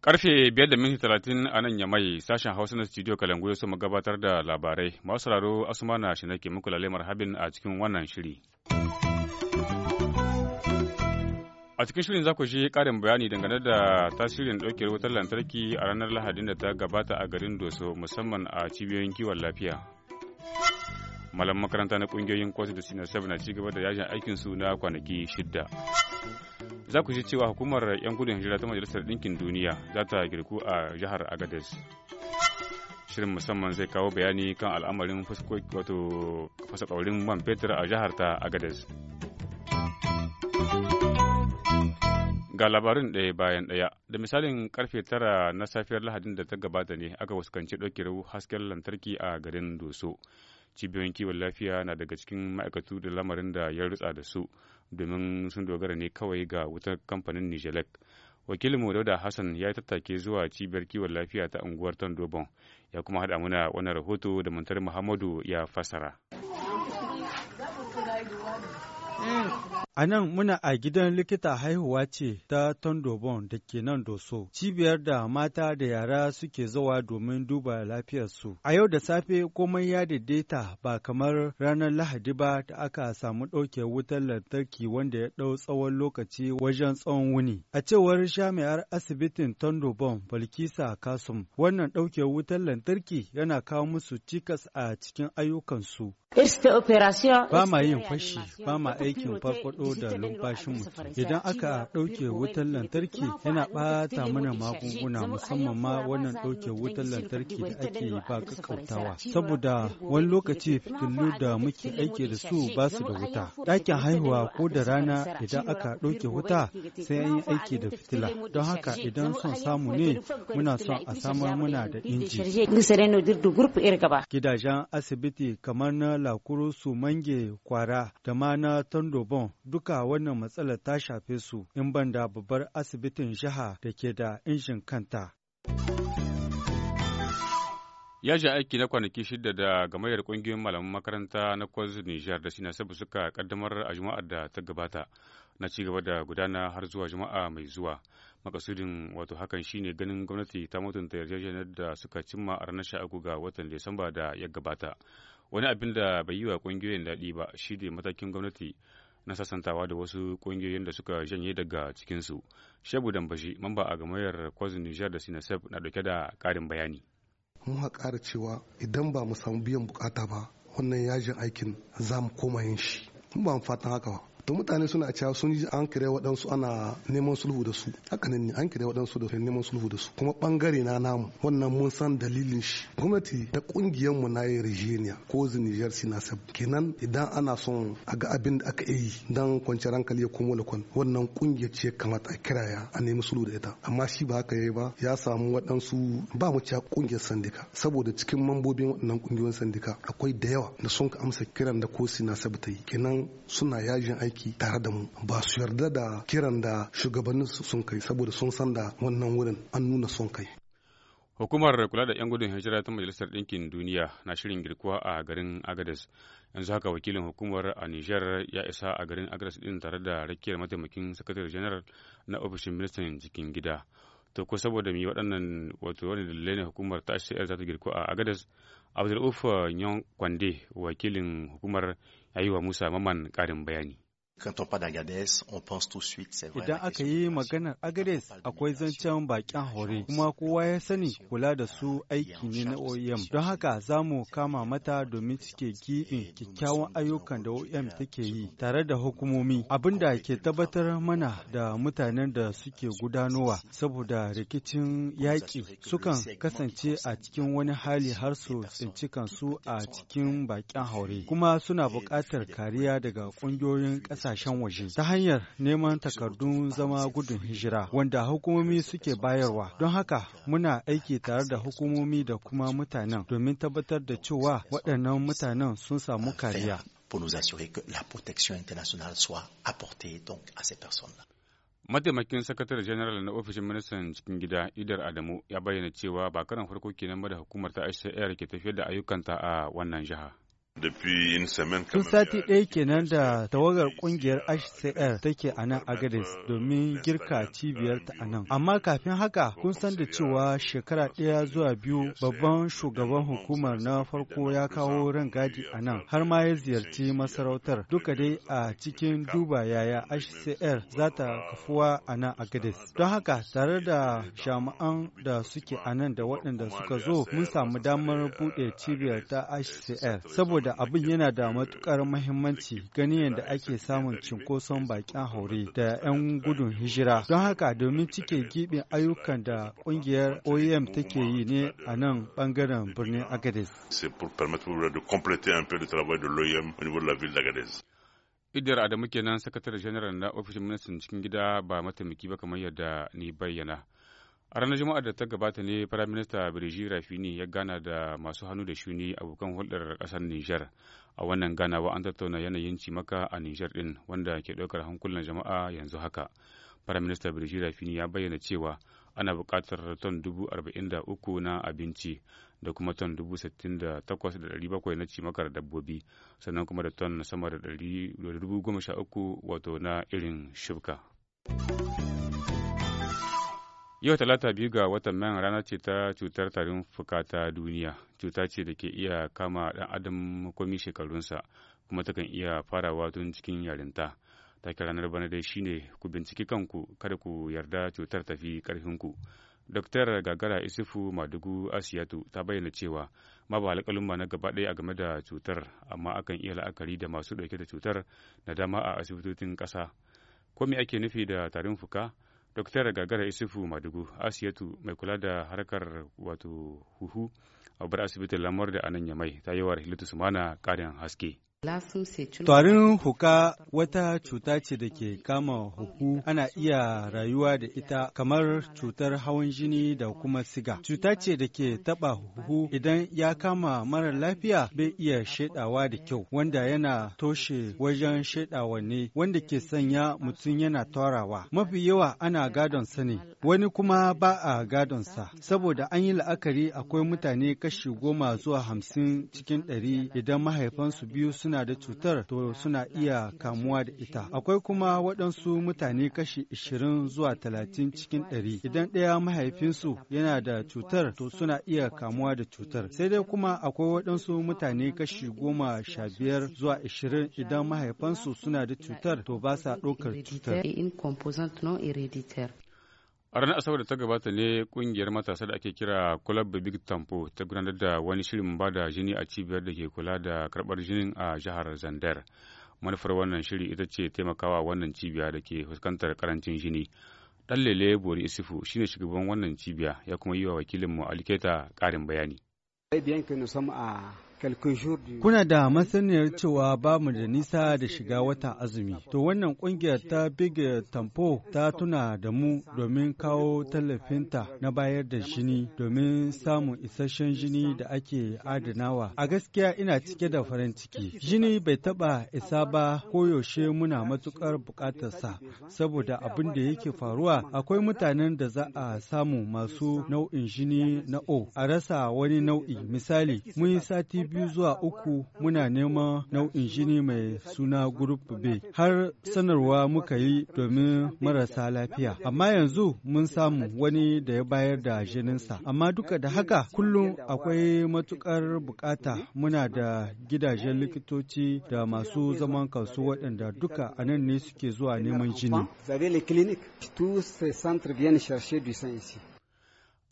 Karfe biyar da minti talatin a nan ya mai sashen Hausa na Studio Kalangu ya mu gabatar da labarai. Masu sauraro Asumana shi ke muku lalemar habin a cikin wannan shiri. A cikin shirin za ku shi ƙarin bayani dangane da tasirin ɗaukewar wutar lantarki a ranar Lahadin da ta gabata a garin Doso musamman a cibiyoyin kiwon lafiya. malam makaranta na kungiyoyin kwasi da sinar na cigaba da yajin aikin su na kwanaki shidda za ku ji cewa hukumar 'yan gudun hijira ta majalisar ɗinkin duniya za ta girku a jihar agadez shirin musamman zai kawo bayani kan al'amarin wato man fetur a jihar ta agadez ga labarin ɗaya bayan ɗaya da misalin karfe tara na safiyar lahadin da ta gabata ne aka fuskanci ɗaukewar hasken lantarki a garin doso cibiyoyin kiwon lafiya na daga cikin ma'aikatu da lamarin da ya rutsa da su domin sun dogara ne kawai ga wutar kamfanin nijelek wakilinmu dauda hassan ya yi tattake zuwa cibiyar kiwon lafiya ta unguwar tandobon ya kuma hada muna wannan rahoto da muntar muhammadu ya fassara A nan muna a gidan likita haihuwa ce ta Tondobon da ke nan Doso, cibiyar da mata da yara suke zawa domin duba lafiyarsu. A yau da safe komai ya daidaita ba kamar ranar Lahadi ba da aka samu ɗauke wutar lantarki wanda ya ɗau tsawon lokaci wajen tsawon wuni. A cewar shami'ar asibitin Tondobon Balkisa Kasum, wannan ɗauke wutar lantarki yana kawo musu cikas a cikin ayyukansu. Ba ma yin fashi, ba ma aikin farfado da mu idan aka ɗauke wutar lantarki yana ɓata mana magunguna musamman ma wannan ɗauke wutar lantarki da ake ba ba kakkautawa saboda wani lokaci fitilu da muke aiki da su ba su da wuta dakin haihuwa ko da rana idan aka ɗauke wuta sai an yi aiki da fitila don haka idan son samu ne muna son a samar muna da inji gidajen asibiti kamar na lakuru su mange kwara da ma na garin Dobon duka wannan matsalar ta shafe su in ban da babbar asibitin jiha da ke da injin kanta. ya ji aiki na kwanaki shida da gamayyar kungiyoyin malaman makaranta na kwanzu Nijar da sabu suka kaddamar a Juma'ar da ta gabata na ci gaba da gudana har zuwa Juma'a mai zuwa. Makasudin wato hakan shine ganin gwamnati ta mutunta yarjejeniyar da suka cimma a ranar sha'agu ga watan Disamba da ya gabata. wani abin da bai yi wa ƙungiyoyin daɗi ba shi ne matakin gwamnati na sasantawa da wasu ƙungiyoyin da suka janye daga cikinsu shebu dambashi mamba a gamayyar kwazin nijar da sinasef na dauke da ƙarin bayani mun ƙara cewa idan ba mu samu biyan bukata ba wannan yajin aikin za mu koma yin shi mun ba mu fatan haka ba to mutane suna cewa sun ji an kire waɗansu ana neman sulhu da su haka ne an kire waɗansu da neman sulhu da su kuma bangare na namu wannan mun san dalilin shi gwamnati da kungiyar mu na Virginia ko Niger sab kenan idan ana son a ga abin da aka yi dan kwanciyar hankali ya komo lakon wannan kungiyar ce kamata a kiraya a nemi sulhu da ita amma shi ba haka yayi ba ya samu waɗansu ba mu cewa kungiyar sandika saboda cikin mambobin waɗannan kungiyoyin sandika akwai da yawa da sun amsa kiran da ko Sinasab ta yi kenan suna yajin aiki aiki tare da mu ba su yarda da kiran da shugabannin sun kai saboda sun san da wannan wurin an nuna sun kai Hukumar kula da 'yan gudun hijira ta Majalisar Ɗinkin Duniya na shirin girkuwa a garin Agadez. Yanzu haka wakilin hukumar a Nijar ya isa a garin Agadez ɗin tare da rakiyar mataimakin sakatare janar na ofishin ministan cikin gida. To ko saboda mi waɗannan wato wani dalile ne hukumar ta HCR za ta girku a Agadez? Abdulruf Nyon Kwande wakilin hukumar ya yi wa Musa Maman ƙarin bayani. Idan aka yi maganar agres akwai zancen bakin haure kuma kowa ya sani kula da su aiki ne na OEM. Don haka za mu kama mata domin suke giɓin kyakkyawan ayyukan da OEM take yi tare da hukumomi. Abin da ke tabbatar mana da mutanen da suke gudanowa saboda rikicin yaƙi sukan kasance a cikin wani hali har su tsinci kansu a cikin bakin haure kuma suna buƙatar kariya daga ƙungiyoyin ƙasa. kasashen waje ta hanyar neman takardun zama gudun hijira wanda hukumomi suke bayarwa. Don haka muna aiki tare da hukumomi da kuma mutanen domin tabbatar da cewa waɗannan mutanen sun samu kariya. Mataimakin sakatare General na ofishin ministan cikin gida Idar Adamu ya bayyana cewa ba karan farko kenan ba da hukumar ta HCR ke tafiyar da ayyukanta a wannan jiha. Tun sati ɗaya kenan da tawagar ƙungiyar HCR take a nan Agadez domin girka cibiyarta a nan. Amma kafin haka kun san da cewa shekara ɗaya zuwa biyu babban shugaban hukumar na farko ya kawo rangadi a nan har ma ya ziyarci masarautar duka dai a cikin duba yaya HCR za ta kafuwa a nan Agadez. Don haka tare da jami'an da suke a nan da waɗanda suka zo mun samu damar buɗe cibiyar ta HCR saboda saboda abin yana da matukar mahimmanci ganin yadda ake samun cinkoson bakin haure da 'yan gudun hijira don haka domin cike gibin ayyukan da kungiyar oem take yi ne a nan bangaren birnin agadez e idar adamu kenan sakatare janar na ofishin ministan cikin gida ba mataimaki ba kamar yadda ni bayyana A ranar Juma'a da ta gabata ne Firayim Minista Birji Rafini ya gana da masu hannu da shuni abokan hulɗar ƙasar Nijar. A wannan ganawa an tattauna yanayin cimaka a Nijar ɗin wanda ke ɗaukar hankulan jama'a yanzu haka. Firayim Minista Birji Rafini ya bayyana cewa ana buƙatar ton dubu arba'in da uku na abinci da kuma ton dubu sittin da takwas da ɗari bakwai na cimakar dabbobi sannan kuma da ton sama da dubu goma sha uku wato na irin shibka. Yau talata biyu ga watan man rana ce ta cutar tarin fuka ta duniya. Cuta ce da ke iya kama dan adam makomi shekarunsa kuma ta kan iya farawa tun cikin yarinta. ta Take ranar bana dai shine ku binciki kanku kada ku yarda cutar tafi ƙarfinku. Dr. Gagara Isufu Madugu Asiyatu ta bayyana cewa ma ba alƙalin na gaba ɗaya a game da cutar amma akan iya la'akari da masu ɗauke da cutar na dama a asibitocin ƙasa. Ko me ake nufi da tarin fuka? Dr. Gagara Isufu Madugu Asiyatu mai kula da harkar wato huhu a bar asibitin lamar da anan yamai ta yi wa Rahilatu Sumana ƙarin haske. Tarin huka wata cuta ce da ke kama huhu ana iya rayuwa da ita kamar cutar hawan jini da kuma siga. Cuta ce da ke taba huhu idan ya kama mara lafiya bai iya shaidawa da kyau wanda yana toshe wajen shaidawa ne wanda ke sanya mutum yana torawa. Mafi yawa ana gadon sa ne wani kuma ba a gadon sa saboda an yi la'akari akwai mutane kashi goma zuwa hamsin cikin ɗari idan mahaifansu biyu suna suna da cutar to suna iya kamuwa da ita. Akwai kuma waɗansu mutane kashi ishirin zuwa talatin cikin ɗari. Idan ɗaya mahaifinsu yana da cutar to suna iya kamuwa da cutar. Sai dai kuma akwai waɗansu mutane kashi goma sha biyar zuwa ishirin idan mahaifansu suna da cutar to ba sa ɗaukar cutar. A ranar Asabar da ta gabata ne kungiyar matasa da ake kira Club Big Tampo ta gudanar da wani shirin ba da jini a cibiyar da ke kula da karbar jinin a jihar Zandar. Manufar wannan shiri ita ce taimakawa wannan cibiya da ke fuskantar karancin jini. dan lele Bori Isifu shine shugaban wannan cibiya ya kuma yi wa wakilinmu Aliketa ƙarin bayani. Kuna da masaniyar cewa ba mu da nisa da shiga wata azumi. To wannan ƙungiyar ta Big Tampo ta tuna da mu domin kawo tallafinta na bayar da jini domin samun isasshen jini da ake adanawa. A gaskiya ina cike da farin ciki. Jini bai taɓa isa ba koyaushe muna matukar bukatarsa saboda abin da yake faruwa akwai mutanen da za a samu masu nau'in jini na O a rasa wani nau'i misali mun yi sati biyu zuwa uku muna neman nau'in jini mai suna group B har sanarwa muka yi domin marasa lafiya. Amma yanzu mun samu wani da ya bayar da jininsa. Amma duka da haka kullum akwai matukar bukata muna da gidajen likitoci da masu zaman kansu waɗanda duka a nan ne suke zuwa neman jini.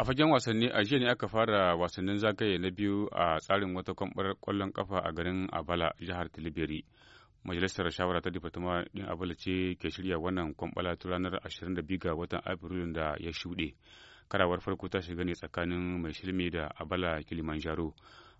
A fagen wasanni a jiya ne aka fara wasannin zagaye na biyu a tsarin wata kwambar kwallon kafa a garin Abala jihar Tilibiri. Majalisar shawara ta Departement din Abala ce ke shirya wannan kwambala ta ranar 22 ga watan Afrilun da ya shuɗe. Karawar farko ta shiga ne tsakanin mai shirme da Abala Kilimanjaro.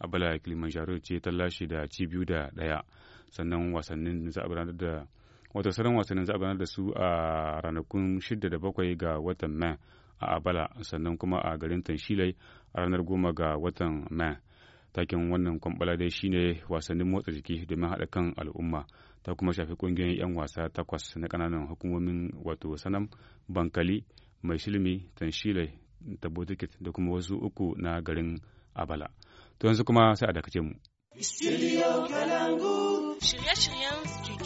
Abala Kilimanjaro ce ta lashe da ci biyu da ɗaya. Sannan wasannin za a da wata sauran wasannin za a da su a ranakun 6 da 7 ga watan Mai. a Abala sannan kuma a garin Tanshilai a ranar goma ga watan Mai. Takin wannan kwambala dai shine wasannin motsa jiki domin haɗa kan al'umma ta kuma shafi ƙungiyoyin 'yan wasa takwas na ƙananan hukumomin wato Sanam, Bankali, Mai Shilmi, Tanshilai, Tabotikit da kuma wasu uku na garin Abala. To yanzu kuma sai a dakace mu. Shirye-shiryen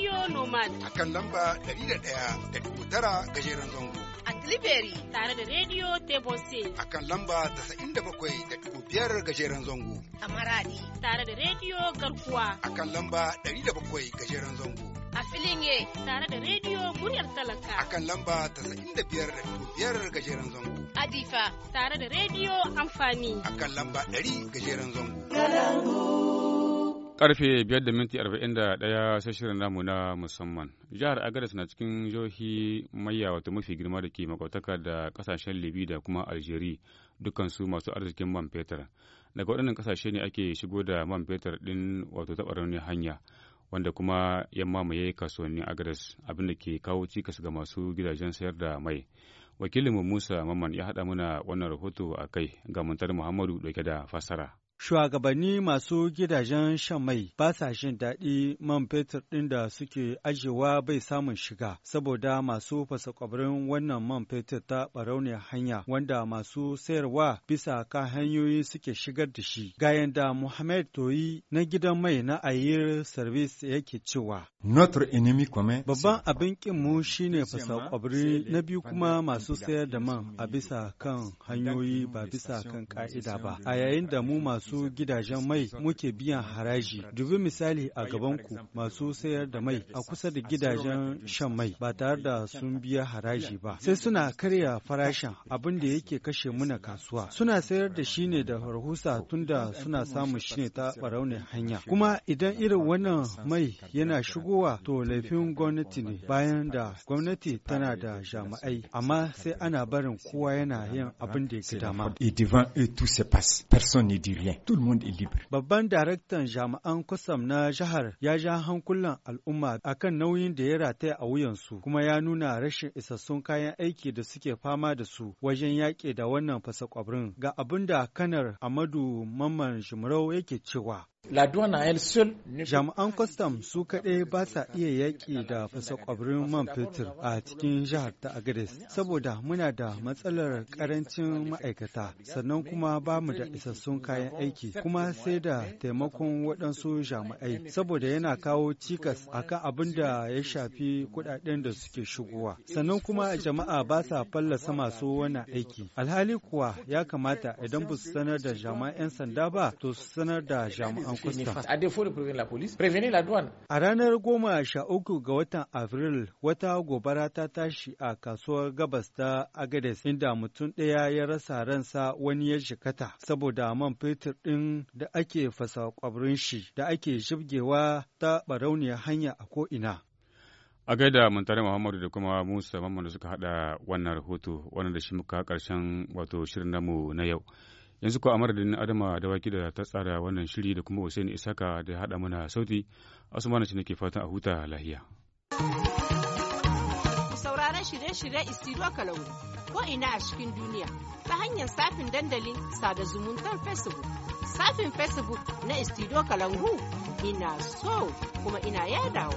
Radio Nomad. A kan lamba ga gajeren zango. A Tilibiri tare da Radio Tebose. A kan lamba 97.5 gajeren zango. A Maradi tare da Radio Garkuwa. A kan lamba 107 gajeren zango. A Filinge tare da Radio Muryar Talaka. A kan lamba 95.5 gajeren zango. A Difa tare da Radio Amfani. A kan lamba 100 gajeren zango. Kalangu. Karfe biyar da minti arba'in da ɗaya sai shirin namu na musamman. Jihar Agadas na cikin jihohi mayya wato mafi girma da ke makwataka da kasashen Libi da kuma Algeria dukansu masu arzikin man fetur. Daga waɗannan kasashe ne ake shigo da man fetur ɗin wato taɓa hanya. wanda kuma ya mamaye kasuwannin agadas abinda ke kawo cikas ga masu gidajen sayar da mai wakilinmu musa maman ya haɗa mana wannan rahoto a kai ga muhammadu dauke da fassara Shugabanni masu gidajen shan mai ba sa jin daɗi man fetur ɗin da suke ajewa bai samun shiga, saboda masu fasakwabrin wannan man fetur ta ɓarauniyar hanya wanda masu sayarwa bisa kan hanyoyi suke shigar da shi. Ga yadda Muhammad Toyi na gidan mai na Ayir Service yake cewa. inimi Babban abin ƙinmu shine kwabiri na biyu kuma masu sayar da man a bisa kan hanyoyi ba bisa kan ƙa'ida ba. A yayin da mu masu masu gidajen mai muke biyan haraji. Dubi misali a gaban ku masu sayar da mai a kusa da gidajen shan mai ba tare da sun biya haraji ba. Sai suna karya farashin abin da yake kashe muna kasuwa. Suna sayar da shi ne da rahusa tunda suna samun shi ne ta barauniyar hanya. Kuma idan irin wannan mai yana shigowa to laifin gwamnati ne bayan da gwamnati tana da jama'ai. amma sai ana barin kowa yana yin abin da ya ke dama. Et devant eux tout se passe. Personne ne dit rien. Babban daraktan jami'an kwasam na jihar ya ja hankulan al'umma akan nauyin da ya rataya a wuyansu kuma ya nuna rashin isassun kayan aiki da suke fama da su wajen yaƙi da wannan fasakwabrin. Ga abin da kanar Amadu Mamman Jumrau yake cewa. Jami'an kwastam su kaɗai ba sa iya yaƙi da fasakwabrin man fetur a cikin jihar ta Agres, saboda muna da matsalar ƙarancin ma'aikata, sannan kuma ba mu da isassun kayan aiki, kuma sai da taimakon waɗansu jami'ai, saboda yana kawo cikas akan abin da ya shafi kuɗaɗen da suke shigowa. Sannan kuma jama'a ba sa fallasa masu wannan aiki. Alhali kuwa ya kamata idan ba su sanar da jama'an 'yan sanda ba, to su sanar da jami'an A ranar goma sha uku ga watan Afril wata gobara ta tashi a kasuwar gabas ta Agades inda mutum ɗaya ya rasa ransa wani ya shikata saboda man fetur ɗin da ake fasa kwabrin shi da ake shibgewa ta barauniyar hanya a ko'ina. A gaida Muntare Muhammadu da kuma Musa Mamman suka haɗa wannan rahoto wannan da shi muka karshen wato shirin namu na yau. yanzu ko a da adama da waki da ta tsara wannan shiri da kuma hussein isaka da haɗa mana sauti asumana shi ke fatan a huta lahiya sauraron shirye-shirye istiro kalangu ko ina a cikin duniya ta hanyar safin dandalin sada zumuntar facebook safin facebook na istiro kalangu ina so kuma ina yadawa